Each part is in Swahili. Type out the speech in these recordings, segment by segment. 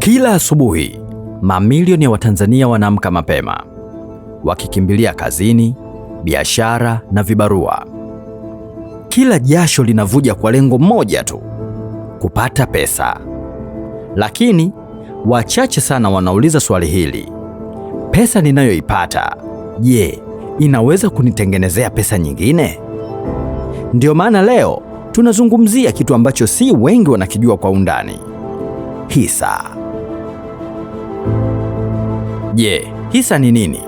Kila asubuhi mamilioni ya Watanzania wanaamka mapema wakikimbilia kazini, biashara na vibarua. Kila jasho linavuja kwa lengo moja tu, kupata pesa. Lakini wachache sana wanauliza swali hili, pesa ninayoipata, je, inaweza kunitengenezea pesa nyingine? Ndiyo maana leo tunazungumzia kitu ambacho si wengi wanakijua kwa undani, hisa. Je, yeah, hisa ni nini?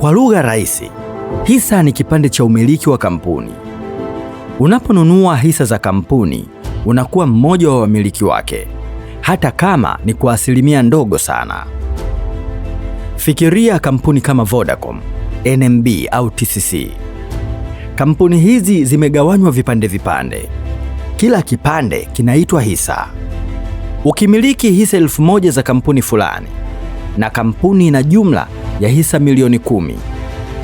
Kwa lugha rahisi, hisa ni kipande cha umiliki wa kampuni. Unaponunua hisa za kampuni, unakuwa mmoja wa wamiliki wake, hata kama ni kwa asilimia ndogo sana. Fikiria kampuni kama Vodacom, NMB au TCC. Kampuni hizi zimegawanywa vipande vipande, kila kipande kinaitwa hisa. Ukimiliki hisa elfu moja za kampuni fulani na kampuni ina jumla ya hisa milioni kumi,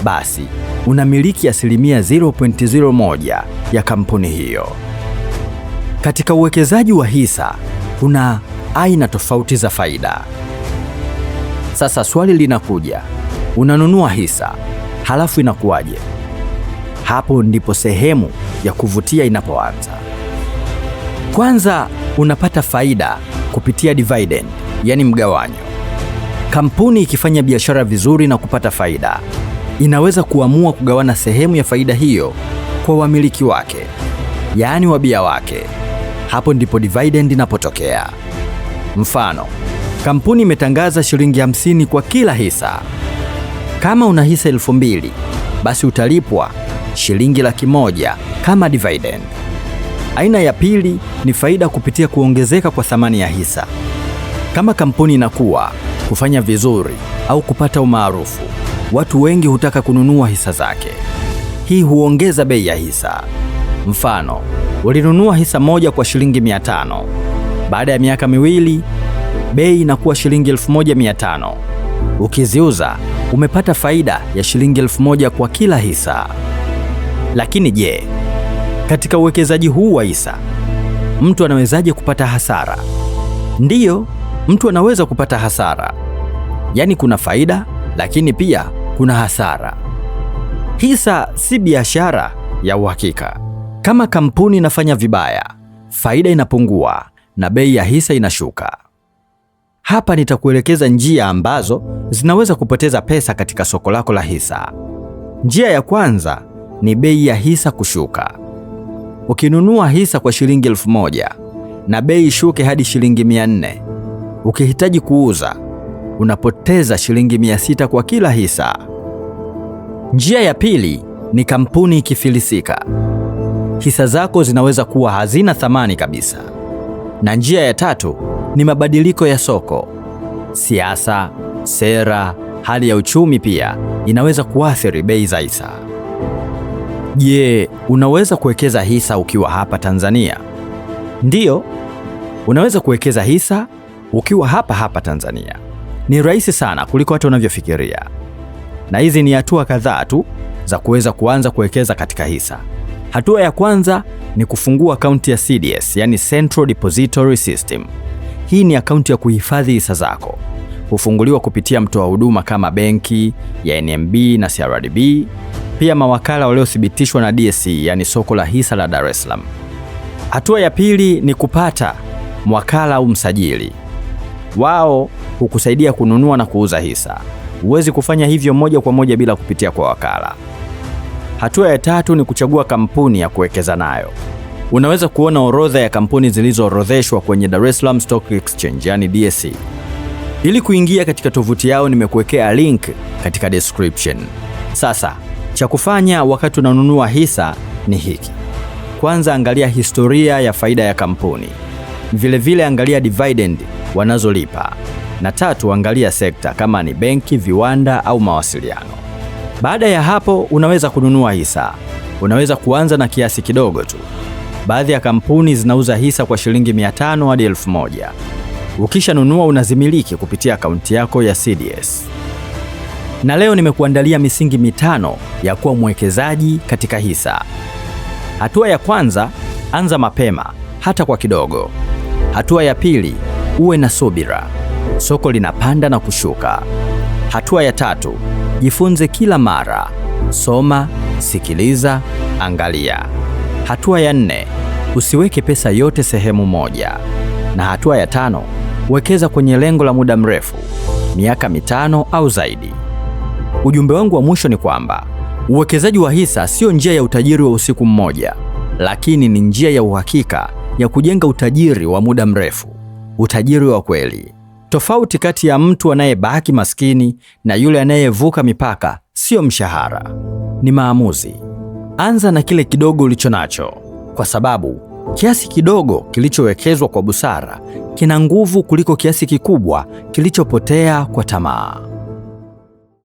basi unamiliki asilimia 0.01 ya kampuni hiyo. Katika uwekezaji wa hisa kuna aina tofauti za faida. Sasa swali linakuja, unanunua hisa halafu inakuwaje? Hapo ndipo sehemu ya kuvutia inapoanza. Kwanza unapata faida kupitia dividend, yani mgawanyo. Kampuni ikifanya biashara vizuri na kupata faida, inaweza kuamua kugawana sehemu ya faida hiyo kwa wamiliki wake, yaani wabia wake. Hapo ndipo dividend inapotokea. Mfano, kampuni imetangaza shilingi hamsini kwa kila hisa. Kama una hisa elfu mbili basi utalipwa shilingi laki moja kama dividend. Aina ya pili ni faida kupitia kuongezeka kwa thamani ya hisa. Kama kampuni inakuwa kufanya vizuri au kupata umaarufu, watu wengi hutaka kununua hisa zake. Hii huongeza bei ya hisa. Mfano, ulinunua hisa moja kwa shilingi 500. Baada ya miaka miwili, bei inakuwa shilingi 1500. Ukiziuza, umepata faida ya shilingi 1000 kwa kila hisa. Lakini je, katika uwekezaji huu wa hisa, mtu anawezaje kupata hasara? Ndiyo, mtu anaweza kupata hasara, yaani kuna faida lakini pia kuna hasara. Hisa si biashara ya uhakika. Kama kampuni inafanya vibaya, faida inapungua na bei ya hisa inashuka. Hapa nitakuelekeza njia ambazo zinaweza kupoteza pesa katika soko lako la hisa. Njia ya kwanza ni bei ya hisa kushuka. Ukinunua hisa kwa shilingi elfu moja na bei ishuke hadi shilingi mia nne Ukihitaji kuuza, unapoteza shilingi 600 kwa kila hisa. Njia ya pili ni kampuni ikifilisika, hisa zako zinaweza kuwa hazina thamani kabisa. Na njia ya tatu ni mabadiliko ya soko. Siasa, sera, hali ya uchumi pia inaweza kuathiri bei za hisa. Je, unaweza kuwekeza hisa ukiwa hapa Tanzania? Ndiyo, unaweza kuwekeza hisa ukiwa hapa hapa Tanzania. Ni rahisi sana kuliko watu wanavyofikiria, na hizi ni hatua kadhaa tu za kuweza kuanza kuwekeza katika hisa. Hatua ya kwanza ni kufungua akaunti ya CDS, yani Central Depository System. Hii ni akaunti ya kuhifadhi hisa zako, hufunguliwa kupitia mtoa huduma kama benki ya NMB na CRDB, pia mawakala waliothibitishwa na DSE, yani soko la hisa la Dar es Salaam. Hatua ya pili ni kupata mwakala au msajili. Wao hukusaidia kununua na kuuza hisa. Huwezi kufanya hivyo moja kwa moja bila kupitia kwa wakala. Hatua ya tatu ni kuchagua kampuni ya kuwekeza nayo. Unaweza kuona orodha ya kampuni zilizoorodheshwa kwenye Dar es Salaam Stock Exchange, yani DSE. Ili kuingia katika tovuti yao nimekuwekea link katika description. Sasa cha kufanya wakati unanunua hisa ni hiki. Kwanza, angalia historia ya faida ya kampuni. Vilevile vile angalia dividend wanazolipa, na tatu, angalia sekta kama ni benki, viwanda au mawasiliano. Baada ya hapo, unaweza kununua hisa. Unaweza kuanza na kiasi kidogo tu. Baadhi ya kampuni zinauza hisa kwa shilingi 500 hadi 1000. Ukishanunua unazimiliki kupitia akaunti yako ya CDS. Na leo nimekuandalia misingi mitano ya kuwa mwekezaji katika hisa. Hatua ya kwanza, anza mapema hata kwa kidogo. Hatua ya pili, uwe na subira. Soko linapanda na kushuka. Hatua ya tatu, jifunze kila mara. Soma, sikiliza, angalia. Hatua ya nne, usiweke pesa yote sehemu moja. Na hatua ya tano, wekeza kwenye lengo la muda mrefu, miaka mitano au zaidi. Ujumbe wangu wa mwisho ni kwamba uwekezaji wa hisa sio njia ya utajiri wa usiku mmoja, lakini ni njia ya uhakika ya kujenga utajiri wa muda mrefu, utajiri wa kweli. Tofauti kati ya mtu anayebaki maskini na yule anayevuka mipaka sio mshahara, ni maamuzi. Anza na kile kidogo ulicho nacho, kwa sababu kiasi kidogo kilichowekezwa kwa busara kina nguvu kuliko kiasi kikubwa kilichopotea kwa tamaa.